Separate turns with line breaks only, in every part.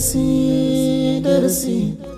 Dersi, dersi, see.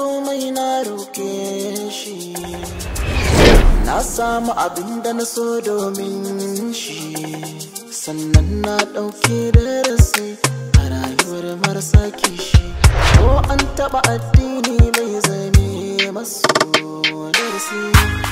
komai na roƙe shi na samu abin da na so domin shi sannan na ɗauki darasi a rayuwar marasa kishi ko an taɓa addini mai zame masu darasi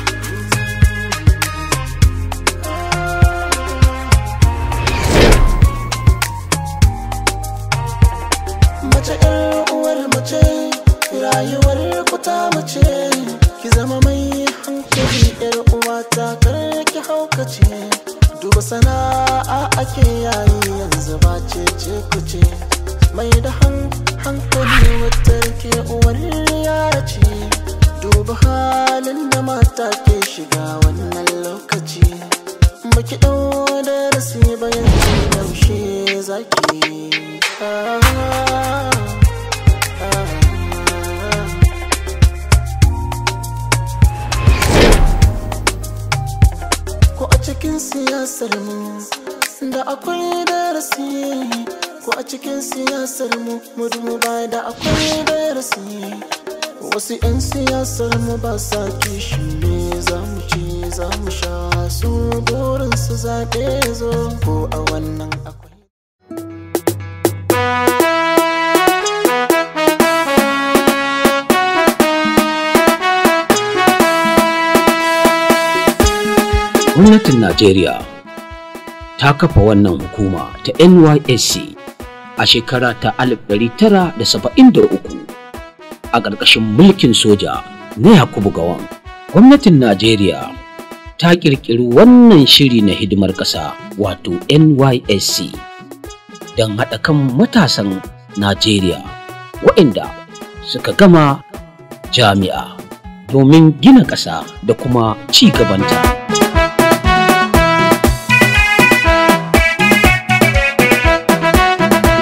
su burin su zaɓe zo ko a wannan
gwamnatin najeriya ta kafa wannan hukuma ta nysc a shekara ta 1973 a ƙarƙashin mulkin soja na yakubu gawan gwamnatin najeriya ta ƙirƙiri wannan shiri na hidimar ƙasa wato NYSC don haɗa kan matasan Najeriya waɗanda suka gama jami'a domin gina ƙasa da kuma ci gabanta.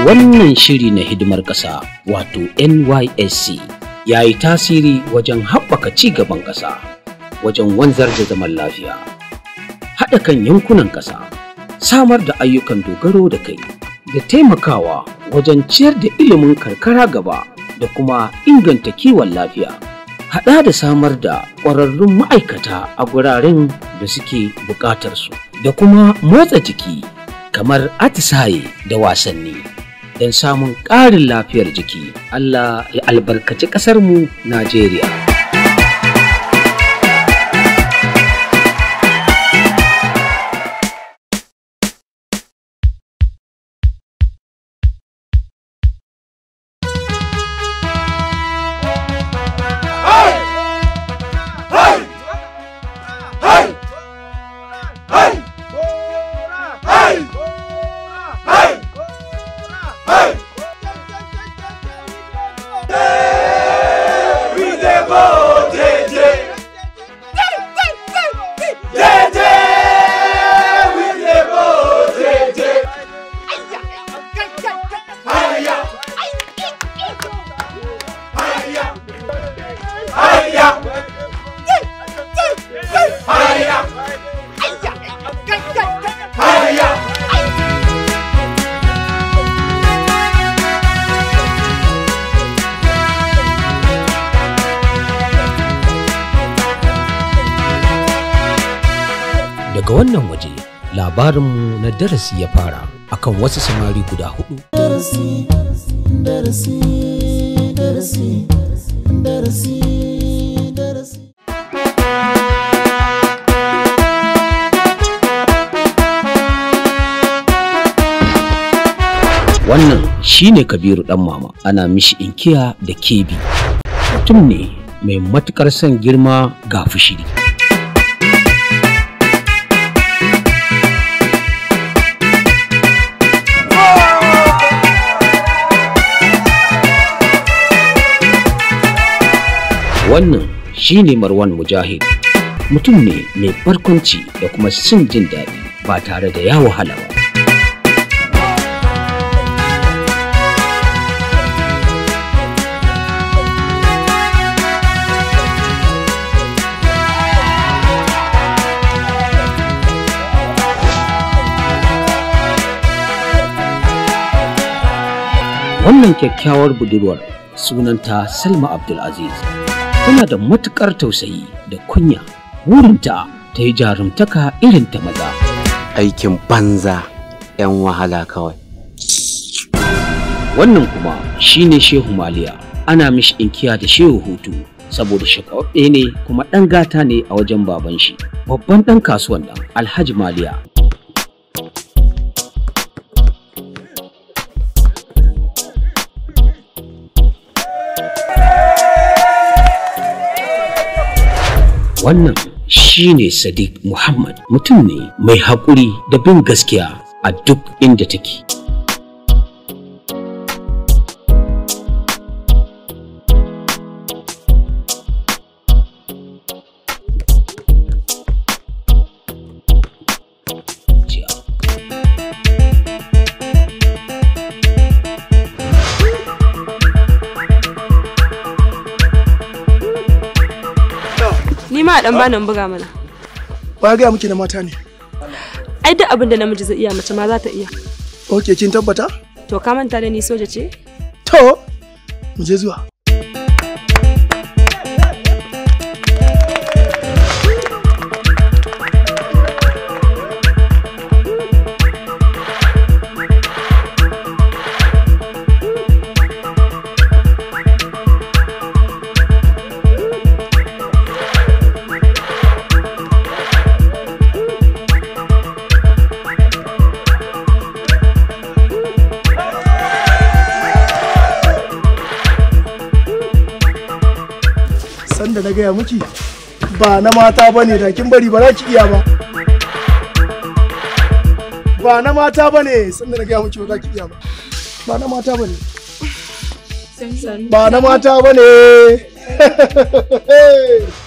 Wannan shiri na hidimar ƙasa wato NYSC ya yi tasiri wajen haɓaka ci gaban ƙasa. wajen wanzar da zaman lafiya haɗa kan yankunan ƙasa samar da ayyukan dogaro da kai da taimakawa wajen ciyar da ilimin karkara gaba da kuma inganta kiwon lafiya haɗa da samar da ƙwararrun ma'aikata a guraren da suke buƙatarsu da kuma motsa jiki kamar atisaye da wasanni don samun ƙarin lafiyar jiki Allah ya albarkaci ƙasarmu Najeriya. daga wannan waje labarinmu na darasi ya fara akan wasu samari guda hudu Wannan shi ne kabiru ɗan mama ana mishi inkiya da kebi mutum ne mai matukar son girma ga fushiri Wannan shi ne Marwan Mujahid. Mutum ne mai barkwanci da kuma sin jin daɗi ba tare da ya wahala ba. Wannan kyakkyawar budurwar sunanta Salma Abdulaziz. tana da matukar tausayi da kunya wurinta ta yi jarumtaka irin ta maza aikin banza 'yan wahala kawai wannan kuma shine shehu maliya ana mishi inkiya da shehu hutu saboda shakaɗe ne kuma ɗan gata ne a wajen baban shi babban ɗan kasuwan nan alhaji maliya Wannan shi ne Sadiq Muhammad mutum ne mai haƙuri da bin gaskiya a duk inda take.
dan nan buga mana
ba ga muke da mata ne
ai duk abin da namiji zai iya mace ma za ta iya
ok kin tabbata
to ka manta da ni soja ce to
mu je zuwa gaya miki ba na mata ba ne da kin bari ba za ki iya ba ba na mata ba ne sanda na gaya miki ba za ki iya ba ba na mata ba ne
ba na mata
ba ne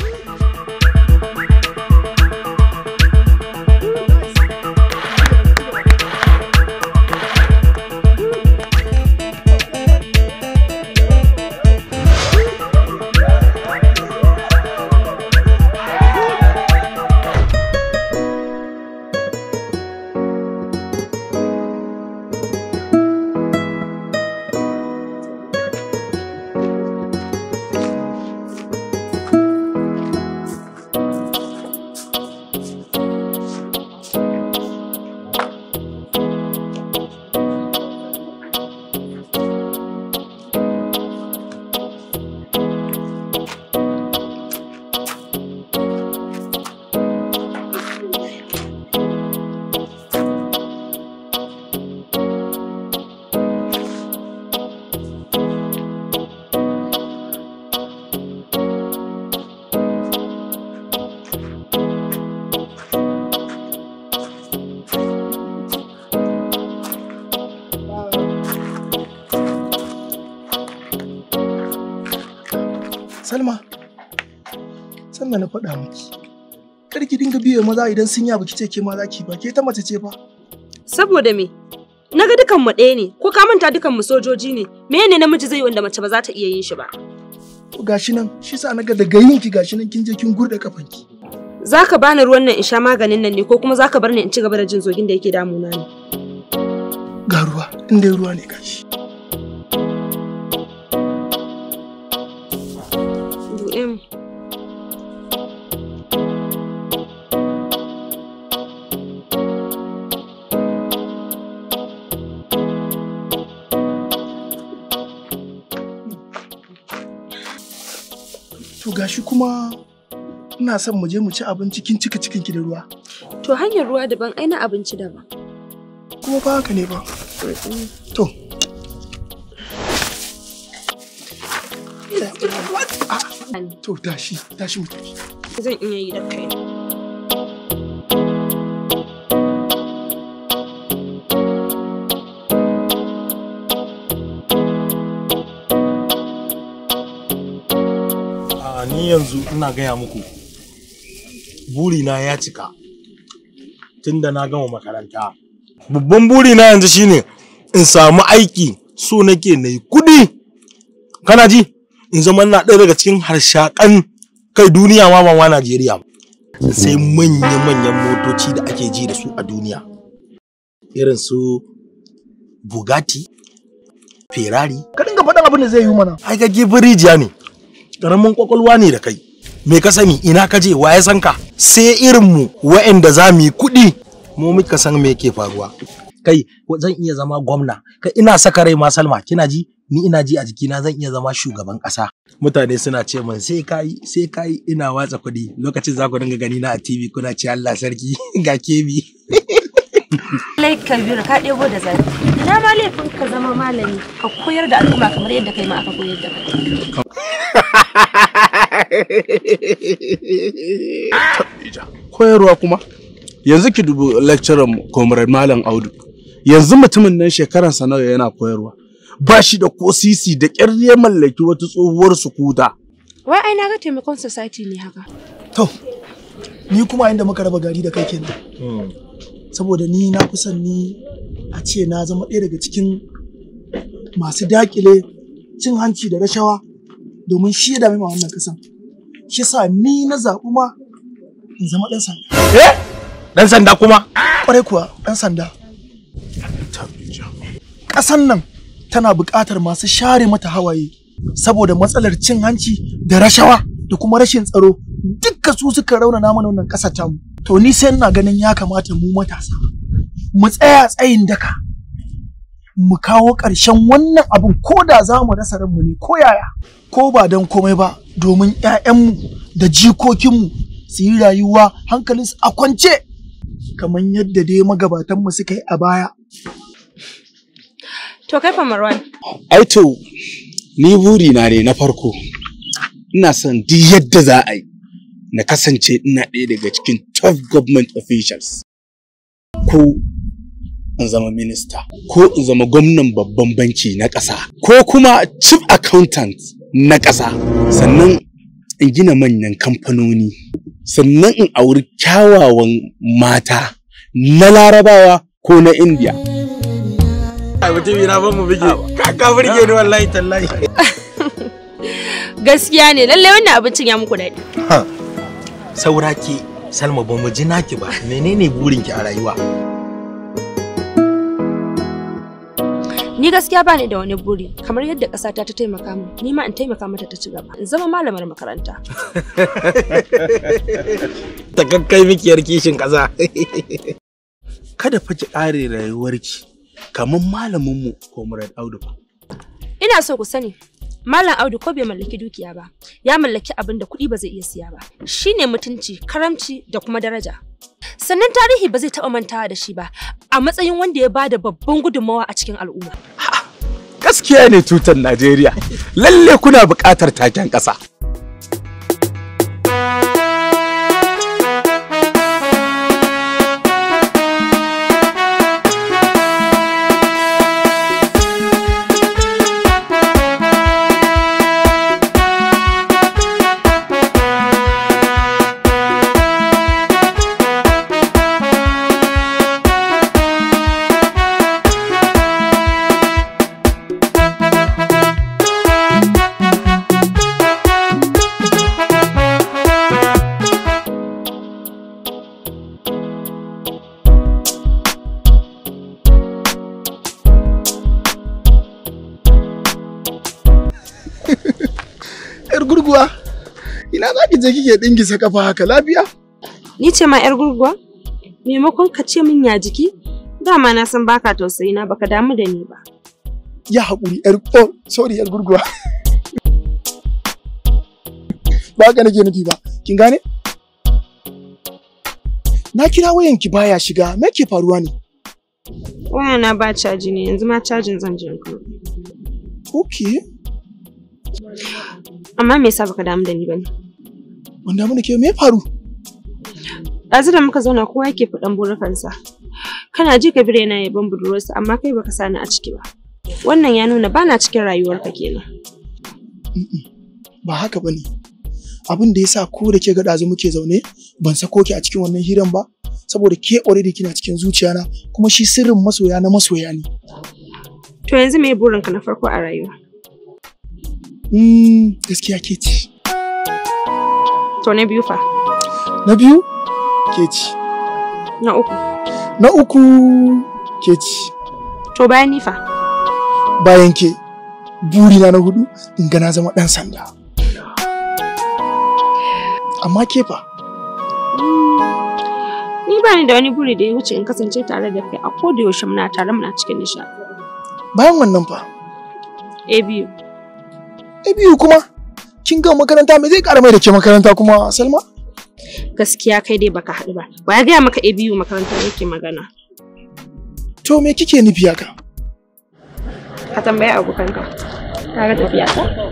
Salma, sanda na faɗa miki. Kar ki dinga biye maza idan sun yi abu ce ke ma ki ba, ke ta mace ce fa.
Saboda me? Na ga dukan mu ɗaya ne, ko ka manta dukan mu sojoji ne, me ne namiji zai yi wanda mace ba za ta iya yin shi ba?
Gashi nan, shi sa na ga daga yin ki gashi nan kin je kin gurɗe kafanki.
Za ka bani ruwan nan in sha maganin nan ne ko kuma za ka bar ni in ci gaba da jin zogin da yake damuna ne.
Ga ruwa, in dai ruwa ne gashi. gashi kuma ina son mu je mu ci abinci kin cika cikin ki da ruwa.
To hanyar ruwa daban aina abinci daban. Kuma ba haka ne ba. To. Ah,
to tashi, tashi mu tashi.
Zan iya yi da kai.
yanzu ina gaya muku burina ya cika tunda na gama makaranta babban burina yanzu shine in samu aiki so nake na yi kuɗi kana ji in zama na ɗaya daga cikin harshakan kai duniya ma ma Najeriya sai manya-manyan motoci da ake ji da su a duniya irin su Bugatti Ferrari ka dinga faɗin abin da zai yi mana ai ga ne karamin kwakwalwa ne da kai me ka sani ina ka je wa ya san ka sai irin mu wa'anda za mu yi kuɗi mu muka san me yake faruwa kai zan iya zama gwamna kai ina saka rai ma Salma kina ji ni ina ji a jikina zan iya zama shugaban ƙasa mutane suna ce min sai kai sai kai ina watsa kuɗi lokacin za ku dinga gani na a TV kuna ce Allah sarki ga kebi
Lai Kabiru ka ɗebo da zafi. Ina ma laifin ka zama malami ka koyar da al'umma kamar yadda kai ma aka koyar da
kai.
Koyarwa kuma yanzu ki dubu lecturer comrade Malam Audu. Yanzu mutumin nan shekaransa nawa yana koyarwa. Ba shi da ko sisi da ƙyar ya mallaki wata tsohuwar sukuta.
Wai ai na ga taimakon society ne haka. To, ni kuma inda muka
raba gari da kai kenan. Hmm. saboda ni na kusan ni a ce na zama ɗaya daga cikin masu dakile cin hanci da rashawa domin shi da dame wannan kasan shi sa ni na zaɓu ma in zama ɗan sanda eh ɗan sanda kuma ƙwarai kuwa ɗan sanda ƙasan nan tana buƙatar masu share mata hawaye saboda matsalar cin hanci da rashawa da kuma rashin tsaro duka su suka rauna mana wannan ƙasar tamu to ni sai ina ganin ya kamata mu matasa mu tsaya tsayin daka mu kawo ƙarshen wannan abun ko da za mu rasa ranmu ne ko yaya ko ba don komai ba domin 'ya'yanmu da jikokinmu su yi rayuwa hankalinsu a kwance kamar yadda dai magabatanmu suka yi a baya.
To kai fa Marwan.
Ai to ni burina ne na farko ina son duk yadda za a yi na kasance ina ɗaya daga cikin top government officials ko in zama minista ko in zama gwamnan babban banki na ƙasa ko kuma chief accountant na ƙasa sannan in gina manyan kamfanoni sannan in auri kyawawan mata na larabawa ko na indiya
gaskiya ne lallai wannan abincin ya muku daɗi
saura ki salma ba mu ji naki ba menene burin ki a rayuwa
ni gaskiya bani da wani buri kamar yadda ƙasata ta taimaka mu ni ma in taimaka mata ta ci gaba in zama malamar makaranta
ta kakkai mikiyar kishin ƙasa kada fa ki ƙare rayuwarki kamar malamin mu comrade audu
ina so ku sani Malam Audu ko bai mallaki dukiya ba, ya mallaki abin da kuɗi ba zai iya siya ba. Shi ne mutunci, karamci da kuma daraja. Sannan tarihi ba zai taɓa mantawa da shi ba, a matsayin wanda ya bada babban gudunmawa a cikin al'umma.
Gaskiya ne tutar Najeriya, lalle kuna buƙatar taken ƙasa.
ya dingisa kafa haka lafiya? Ni ce ma 'yar gurguwa? Maimakon ka ce min ya jiki? Dama na san baka tausayi na baka damu da ni ba.
Ya haƙuri 'yar oh sorry 'yar gurguwa. ba ka nake nufi ba, kin gane? Na kira wayan ki baya shiga, me ke faruwa ne?
Wayana ba caji ne, yanzu ma cajin zan je ku. Okay. Amma me yasa baka damu da ni bane? wanda mana ke me faru ɗazu da muka zauna kowa yake faɗan burukansa kana ji ka bire na yaban budurwarsa amma kai baka sani a ciki ba wannan ya nuna bana cikin rayuwarka kenan
ba haka bane abin da yasa ko da ke ga ɗazu muke zaune ban sako ki a cikin wannan hiran ba saboda ke already kina cikin zuciyana kuma shi sirrin masoya na masoya ne
to yanzu me burinka na farko a rayuwa
mm, gaskiya ke ce. To na biyu fa? Na biyu? Ke ci. Na uku? Na uku ke ci. To bayan ni fa? Bayan ke. Burina na hudu in ga na zama ɗan sanda.
Amma ke fa? Hmm. Ni ba ni da wani buri da ya wuce in kasance tare da kai a koda yaushe muna tare muna cikin nishaɗi.
Bayan wannan fa?
A biyu. A biyu kuma?
kin ga makaranta me zai ƙara mai da ke makaranta kuma Salma?
Gaskiya kai dai baka haɗu ba. Wa ya gaya maka ABU makaranta yake magana?
To me kike nufi haka?
Ka tambaye abokanka. Ka ga tafiya ta?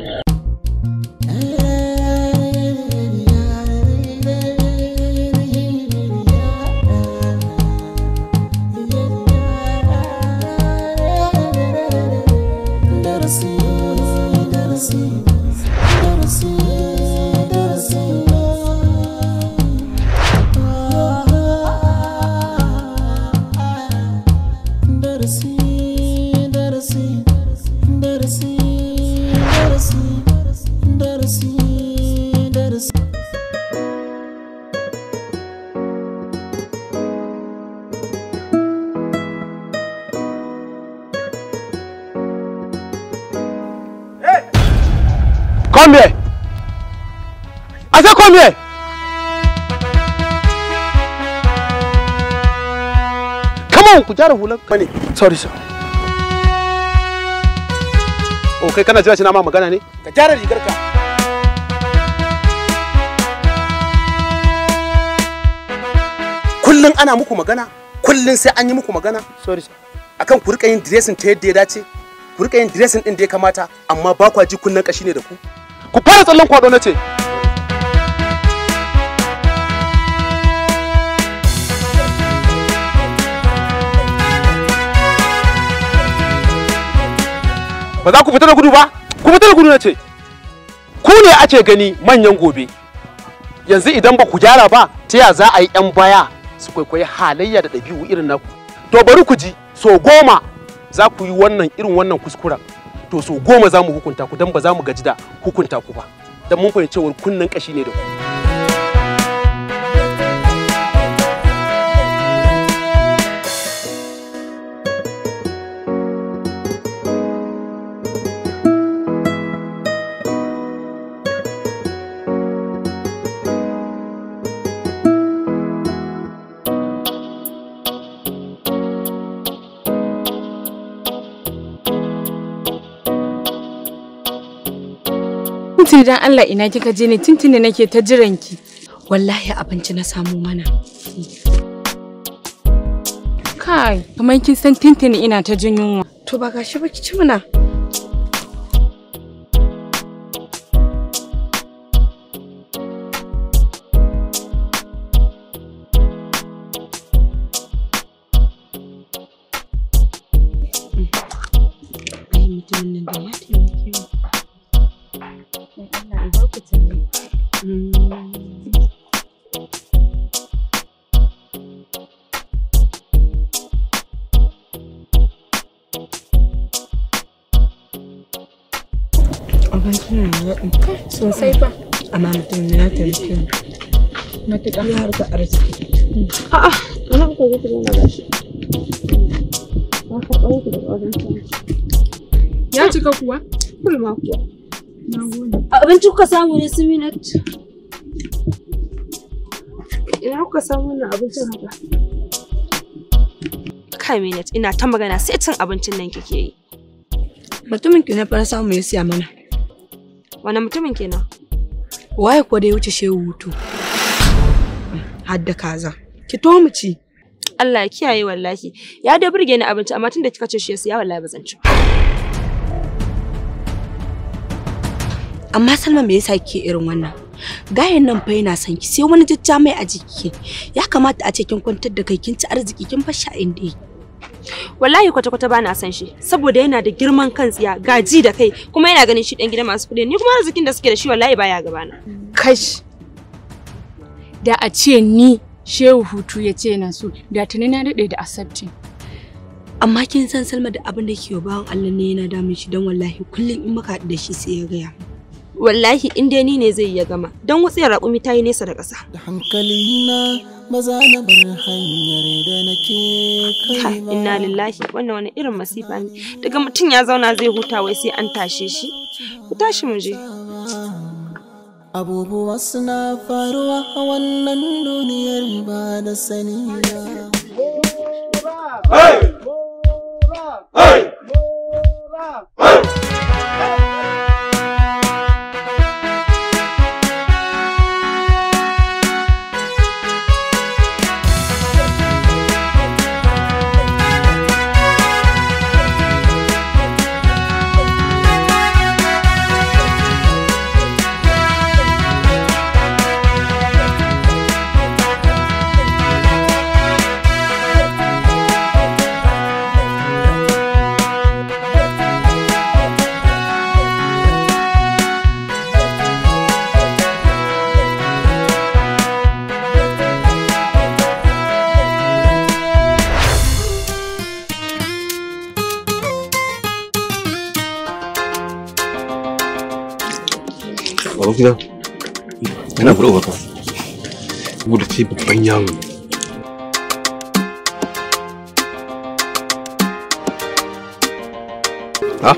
I said, come here.
Come on, ku gyara hulan ka ne. Sorry, sir.
Oh, kana jira shi magana ne?
Ka gyara rigar ka.
Kullum ana muku magana, kullum sai an yi muku magana. Sorry, sir. Akan ku rika yin dressing ta yadda ya dace, ku rika yin dressing din da ya kamata, amma ba kwa ji kunnen kashi ne da ku. Ku fara tsallan kwado na ce. ba za ku fita da gudu ba ku fita da gudu na ce ku ne ake gani manyan gobe yanzu idan ba ku gyara ba ta ya za a yi 'yan baya su kwaikwayi halayya da ɗabi'u irin naku to bari ku ji so goma za ku yi wannan irin wannan kuskuren to so goma za mu hukunta ku don ba za mu gaji da hukunta ku ba don mun fahimci cewar kunnen ƙashi ne da ku.
Anti dan Allah ina kika je ne tintini nake ta jiran ki. Wallahi abinci na samu mana. Kai, kuma kin san tintini ina ta jin yunwa. To ba gashi ba ki ci mana.
matuƙar arziki a'a ana ku ku na gashi ka ku wajen
ya cika kuwa kulma kuwa abinci kuka samu ne su minat ina kuka samu abincin haka kai minat ina ta magana sai cin abincin nan kike yi mutumin ki na fara samu ya siya mana wani mutumin kenan waye ko da ya wuce shehu hutu hadda kaza ki to mu ci Allah ya kiyaye wallahi ya da burge ni abinci amma tunda kika ce shi ya siya wallahi ba ci amma Salma me yasa kike irin wannan Gayen nan fa yana son ki sai wani jajja mai a jiki ya kamata a ce kin kwantar da kai kin ci arziki kin fasha inda yake wallahi kwata-kwata ba na san shi saboda yana da girman kan tsiya gaji da kai kuma yana ganin shi dan gida masu kuɗi ni kuma arzikin da suke da shi wallahi baya gabana kash da a ce ni shehu hutu ya ce na so da tuni na daɗe da asabti. amma kin san salma da abin da ke bawan allah ne yana damun shi don wallahi kullum in muka da shi sai ya gaya wallahi in dai ni ne zai ya gama don wutsiyar raƙumi ta yi nesa da ƙasa da hankali maza na ban hanyar da nake kai ma inna lillahi wannan wani irin masifa ne daga mutum ya zauna zai huta wai sai an tashe shi ku tashi mu je
abubuwa suna faruwa a wannan duniyar ba da sani Hey! Hey! Hey!
gidan yana buɗe wata saboda ce babban yaro ha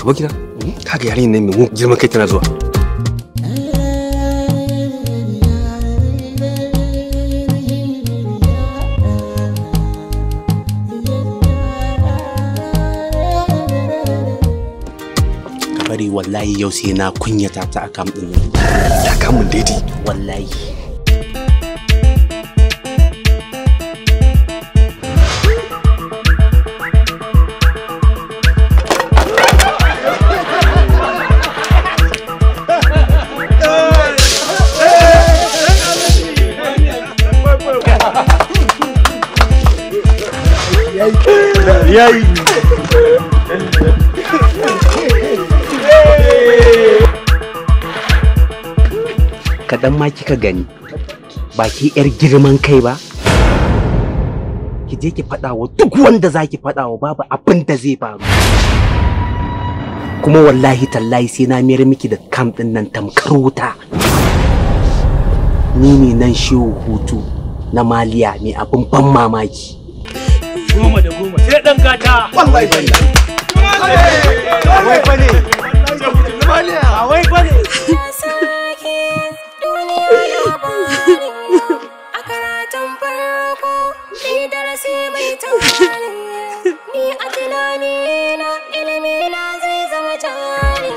abokina kaga kai tana zuwa
wallahi yau sai na kunyata ta akam din nan
ta kamun daidai wallahi kaɗan ma kika gani ba ki yar girman kai ba ki je ki faɗa wa duk wanda zaki ki faɗa wa babu abin da zai faru kuma wallahi tallahi sai na miyar miki da kam ɗin nan tamkar wuta ni ne nan shiwo hutu na maliya mai abin ban mamaki
goma da goma sai ɗan gata wallahi wallahi
wai bane wai bane
a karatun farko ni darasi mai tawari ni a tunani na ilimi na zai zama jari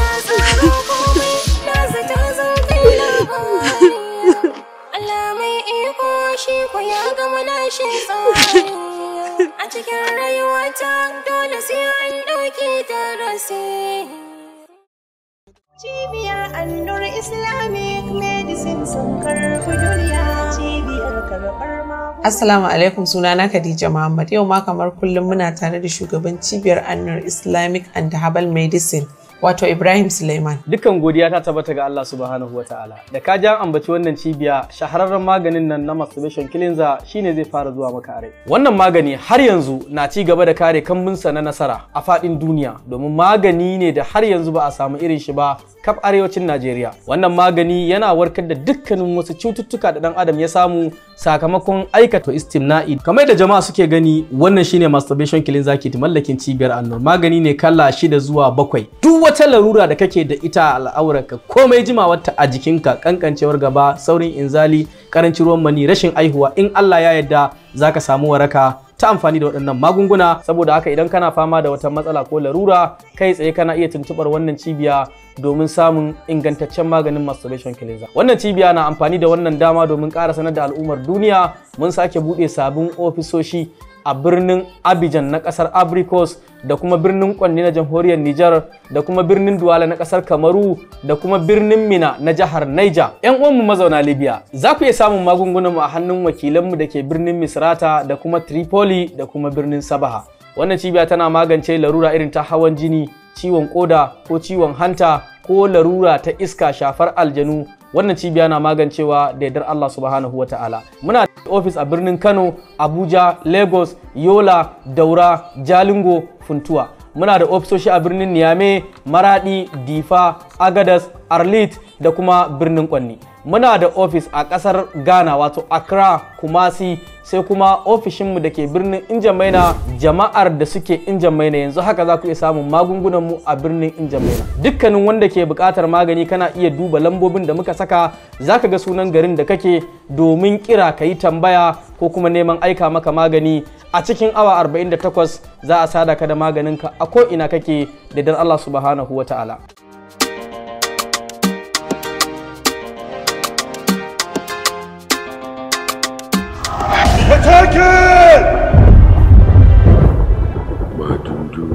na tsaro komai na zata zan kai Allah mai iko shi ko ya gama lashe a cikin rayuwata dole
sai an ɗauki darasi Cibiyar Annur Islamic Medicine sun karɓi duniya cibiyar karɓar
Assalamu alaikum sunana Khadija Muhammad yau ma kamar kullum muna tare da shugaban cibiyar Annur Islamic and Herbal Medicine wato Ibrahim Suleiman.
Dukan godiya ta tabbata ga Allah subhanahu wa ta'ala. Da ka ja ambaci wannan cibiya shahararren maganin nan na masturbation kilinza shine zai fara zuwa maka a rai. Wannan magani har yanzu na ci gaba da kare kambunsa na nasara a faɗin duniya domin magani ne da har yanzu ba a samu irin shi ba kaf arewacin Najeriya. Wannan magani yana warkar da dukkanin wasu cututtuka da dan adam ya samu sakamakon aikata istimna'i. Kamar da jama'a suke gani wannan shine masturbation kilinza ke mallakin cibiyar Annur. Magani ne kala shida zuwa bakwai. Duk wata larura da kake da ita a al'aurarka komai jimawarta a jikinka kankancewar gaba saurin inzali karancin ruwan mani rashin aihuwa in Allah ya yarda zaka samu waraka ta amfani da waɗannan magunguna saboda haka idan kana fama da wata matsala ko larura kai tsaye kana iya tuntuɓar wannan cibiya domin samun ingantaccen maganin masturbation cleanser wannan cibiya na amfani da wannan dama domin ƙara sanar da al'ummar duniya mun sake buɗe sabbin ofisoshi a birnin Abidjan na ƙasar Abrikos da kuma birnin Kwanni na jamhuriyar Nijar da kuma birnin Duwala na ƙasar Kamaru da kuma birnin Mina na jihar Niger. 'Yan uwanmu mazauna Libya za ku iya samun magungunanmu a hannun wakilanmu da ke birnin Misrata da kuma Tripoli da kuma birnin Sabaha. Wannan cibiya tana magance larura irin ta hawan jini, ciwon koda ko ciwon hanta ko larura ta iska shafar aljanu wannan cibiya na magancewa da yardar Allah subhanahu wa ta'ala muna da ofis a birnin Kano Abuja Lagos Yola Daura Jalingo Funtuwa muna da ofisoshi a birnin Niamey Maradi Difa Agadas Arlit da kuma birnin Kwanni muna da ofis a kasar ghana wato accra kumasi sai kuma ofishinmu da ke birnin injamaina jama'ar da suke injamaina yanzu haka za ku iya samun magungunanmu a birnin injamaina dukkanin wanda ke buƙatar magani kana iya duba lambobin da muka saka za ka ga sunan garin da kake domin kira ka yi tambaya ko kuma neman aika maka magani a cikin awa 48 za a sada ka da maganinka a ko ina kake da dan Allah subhanahu wa ta'ala
do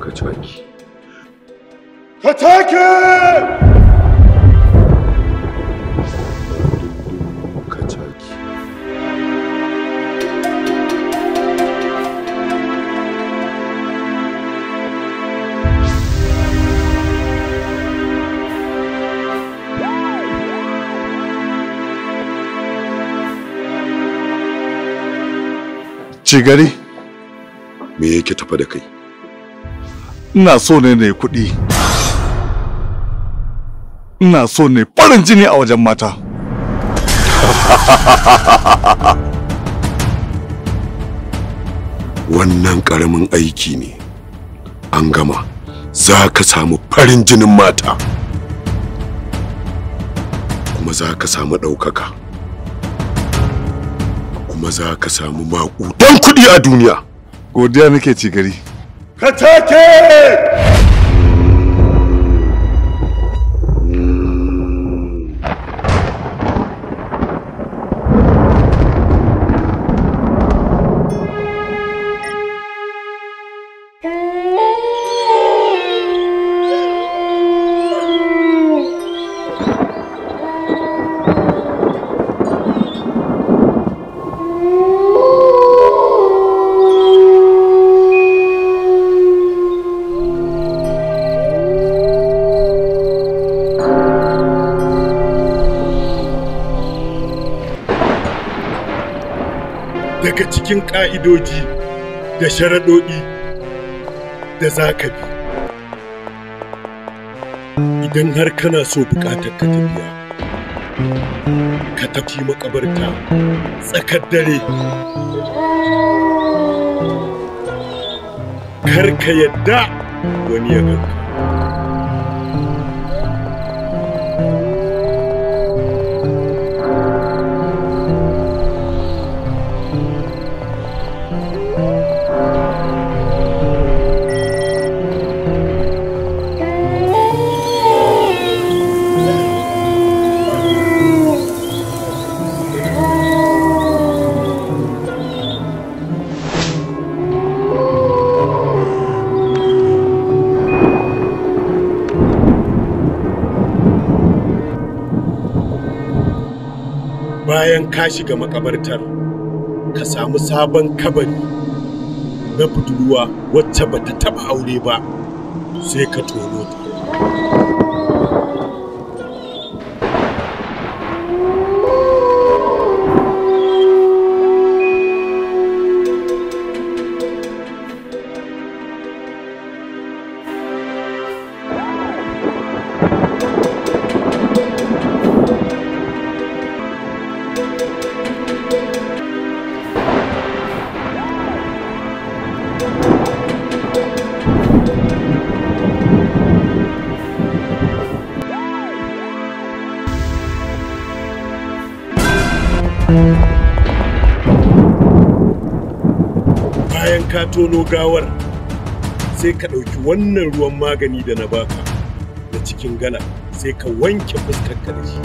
Kachaki.
Kataki!
Chigari. me yake tafa da kai ina so ne ne kuɗi ina so ne farin jini a wajen mata wannan ƙaramin aiki ne an gama za ka samu farin jinin mata kuma za ka samu ɗaukaka kuma za ka samu maƙudan kuɗi a duniya godiya nake ci gari
ka take
ƙa'idoji da sharaɗoɗi da za ka bi idan har kana so buƙatar ka tafiya ka tafi makabarta tsakar dare kar ka yadda wani ya ganka ka shiga makabartar ka samu sabon kabari na budurwa wacce bata taba aure ba sai ka tono ta bayan ka tono gawar sai ka ɗauki wannan ruwan magani da na baka da cikin gala sai ka wanke fuskarka da shi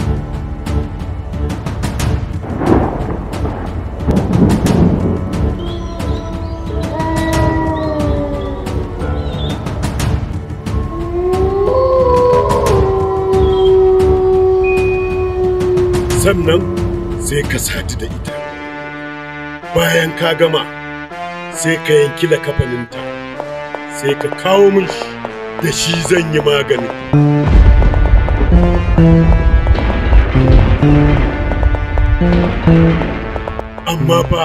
sannan sai ka sadu da ita bayan ka gama sai ka yanki da kafaninta sai ka kawo min shi da shi zan yi magani amma fa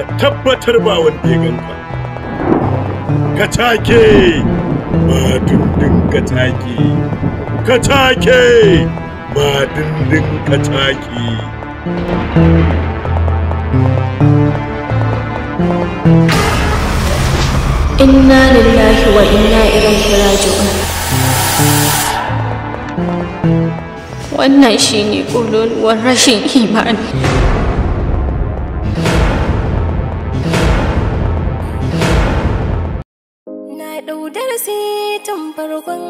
ka tabbatar ba wanda ya ganka ka take ma dundun ka take ka take ma dundun ka take inna
lillahi wa inna ilaihi
raji'un wannan shine ƙololuwar rashin imani
na ɗau darasi tun farkon